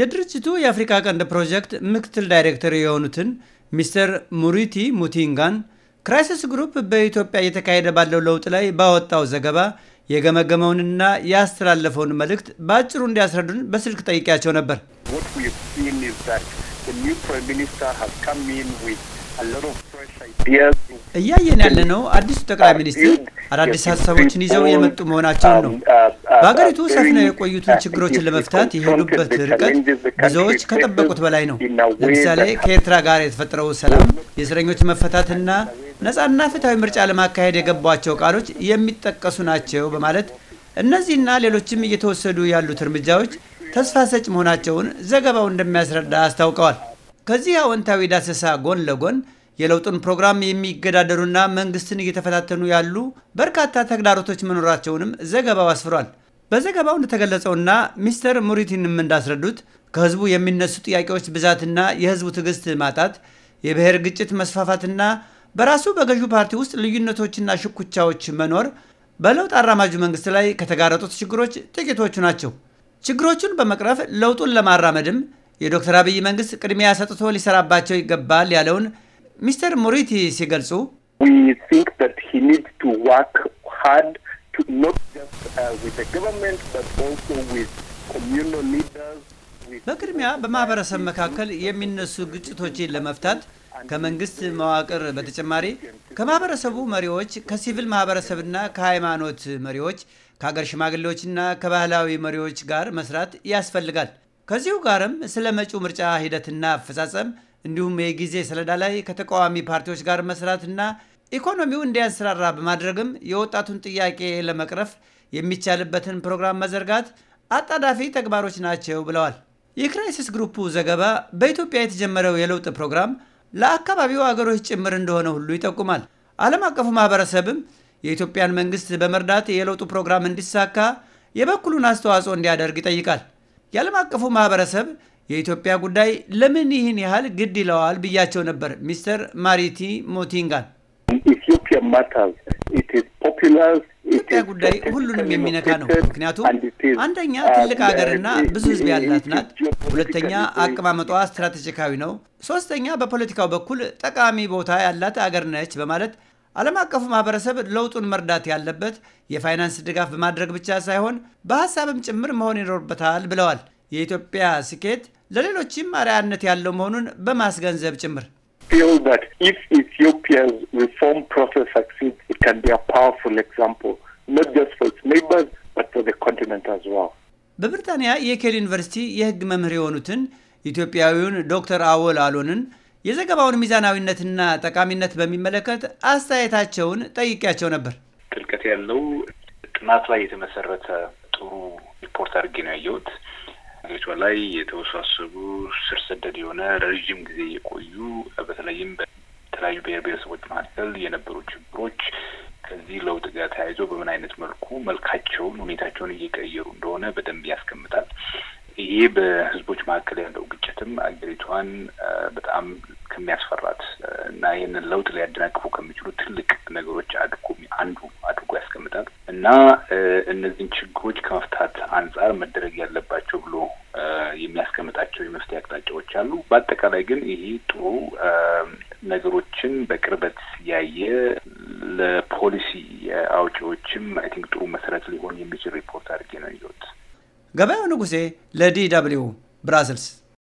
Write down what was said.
የድርጅቱ የአፍሪካ ቀንድ ፕሮጀክት ምክትል ዳይሬክተር የሆኑትን ሚስተር ሙሪቲ ሙቲንጋን ክራይሲስ ግሩፕ በኢትዮጵያ እየተካሄደ ባለው ለውጥ ላይ ባወጣው ዘገባ የገመገመውንና ያስተላለፈውን መልእክት በአጭሩ እንዲያስረዱን በስልክ ጠይቄያቸው ነበር። እያየን ያለነው አዲሱ ጠቅላይ ሚኒስትር አዳዲስ ሀሳቦችን ይዘው የመጡ መሆናቸውን ነው። uh, በሀገሪቱ ሰፍነው የቆዩትን ችግሮችን ለመፍታት የሄዱበት ርቀት ብዙዎች ከጠበቁት በላይ ነው። ለምሳሌ ከኤርትራ ጋር የተፈጠረው ሰላም፣ የእስረኞች መፈታትና ነፃና ፍትሐዊ ምርጫ ለማካሄድ የገቧቸው ቃሎች የሚጠቀሱ ናቸው በማለት እነዚህና ሌሎችም እየተወሰዱ ያሉት እርምጃዎች ተስፋ ሰጭ መሆናቸውን ዘገባው እንደሚያስረዳ አስታውቀዋል። ከዚህ አዎንታዊ ዳሰሳ ጎን ለጎን የለውጡን ፕሮግራም የሚገዳደሩና መንግስትን እየተፈታተኑ ያሉ በርካታ ተግዳሮቶች መኖራቸውንም ዘገባው አስፍሯል። በዘገባው እንደተገለጸውና ሚስተር ሙሪቲንም እንዳስረዱት ከህዝቡ የሚነሱ ጥያቄዎች ብዛትና የህዝቡ ትዕግስት ማጣት፣ የብሔር ግጭት መስፋፋትና በራሱ በገዢው ፓርቲ ውስጥ ልዩነቶችና ሽኩቻዎች መኖር በለውጥ አራማጁ መንግስት ላይ ከተጋረጡት ችግሮች ጥቂቶቹ ናቸው። ችግሮቹን በመቅረፍ ለውጡን ለማራመድም የዶክተር አብይ መንግስት ቅድሚያ ሰጥቶ ሊሰራባቸው ይገባል ያለውን ሚስተር ሙሪቲ ሲገልጹ ዊ ቲንክ ዛት ሂ በቅድሚያ በማህበረሰብ መካከል የሚነሱ ግጭቶችን ለመፍታት ከመንግስት መዋቅር በተጨማሪ ከማህበረሰቡ መሪዎች፣ ከሲቪል ማህበረሰብና ከሃይማኖት መሪዎች፣ ከሀገር ሽማግሌዎችና ከባህላዊ መሪዎች ጋር መስራት ያስፈልጋል። ከዚሁ ጋርም ስለ መጪው ምርጫ ሂደትና አፈጻጸም እንዲሁም የጊዜ ሰሌዳ ላይ ከተቃዋሚ ፓርቲዎች ጋር መስራትና ኢኮኖሚው እንዲያንሰራራ በማድረግም የወጣቱን ጥያቄ ለመቅረፍ የሚቻልበትን ፕሮግራም መዘርጋት አጣዳፊ ተግባሮች ናቸው ብለዋል። የክራይሲስ ግሩፑ ዘገባ በኢትዮጵያ የተጀመረው የለውጥ ፕሮግራም ለአካባቢው አገሮች ጭምር እንደሆነ ሁሉ ይጠቁማል። ዓለም አቀፉ ማህበረሰብም የኢትዮጵያን መንግስት በመርዳት የለውጡ ፕሮግራም እንዲሳካ የበኩሉን አስተዋጽኦ እንዲያደርግ ይጠይቃል። የዓለም አቀፉ ማህበረሰብ የኢትዮጵያ ጉዳይ ለምን ይህን ያህል ግድ ይለዋል ብያቸው ነበር ሚስተር ማሪቲ ሞቲንጋን ኢትዮጵያ ኢት ኢዝ የኢትዮጵያ ጉዳይ ሁሉንም የሚነካ ነው። ምክንያቱም አንደኛ ትልቅ ሀገርና ብዙ ሕዝብ ያላት ናት። ሁለተኛ አቀማመጧ ስትራቴጂካዊ ነው። ሶስተኛ በፖለቲካው በኩል ጠቃሚ ቦታ ያላት አገር ነች በማለት ዓለም አቀፉ ማህበረሰብ ለውጡን መርዳት ያለበት የፋይናንስ ድጋፍ በማድረግ ብቻ ሳይሆን በሀሳብም ጭምር መሆን ይኖርበታል ብለዋል። የኢትዮጵያ ስኬት ለሌሎችም አርአያነት ያለው መሆኑን በማስገንዘብ ጭምር feel that if Ethiopia's reform process succeeds, it can be a powerful example, not just for its neighbors, but for the continent as well. በብሪታንያ የኬል ዩኒቨርሲቲ የሕግ መምህር የሆኑትን ኢትዮጵያዊውን ዶክተር አወል አሎንን የዘገባውን ሚዛናዊነትና ጠቃሚነት በሚመለከት አስተያየታቸውን ጠይቄያቸው ነበር። ጥልቀት ያለው ጥናት ላይ የተመሰረተ ጥሩ ሪፖርት አድርጌ ነው ያየሁት። ሀገሪቷ ላይ የተወሳሰቡ ስር ወለድ የሆነ ረዥም ጊዜ የቆዩ በተለይም በተለያዩ ብሔር ብሔረሰቦች መካከል የነበሩ ችግሮች ከዚህ ለውጥ ጋር ተያይዞ በምን አይነት መልኩ መልካቸውን፣ ሁኔታቸውን እየቀየሩ እንደሆነ በደንብ ያስቀምጣል። ይሄ በህዝቦች መካከል ያለው ግጭትም አገሪቷን በጣም ከሚያስፈራት እና ይህንን ለውጥ ሊያደናቅፉ ከሚችሉ ትልቅ ነገሮች አድርጎ አንዱ አድርጎ ያስቀምጣል እና እነዚህን ችግሮች ከመፍታት አንጻር መደረግ ያለባቸው ብሎ የሚያስቀምጣቸው የመፍትሄ አቅጣጫዎች አሉ። በአጠቃላይ ግን ይሄ ጥሩ ነገሮችን በቅርበት ያየ ለፖሊሲ አውጪዎችም አይ ቲንክ ጥሩ መሰረት ሊሆን የሚችል ሪፖርት አድርጌ ነው ይወት ገበያው ንጉሴ ለዲ ደብልዩ ብራስልስ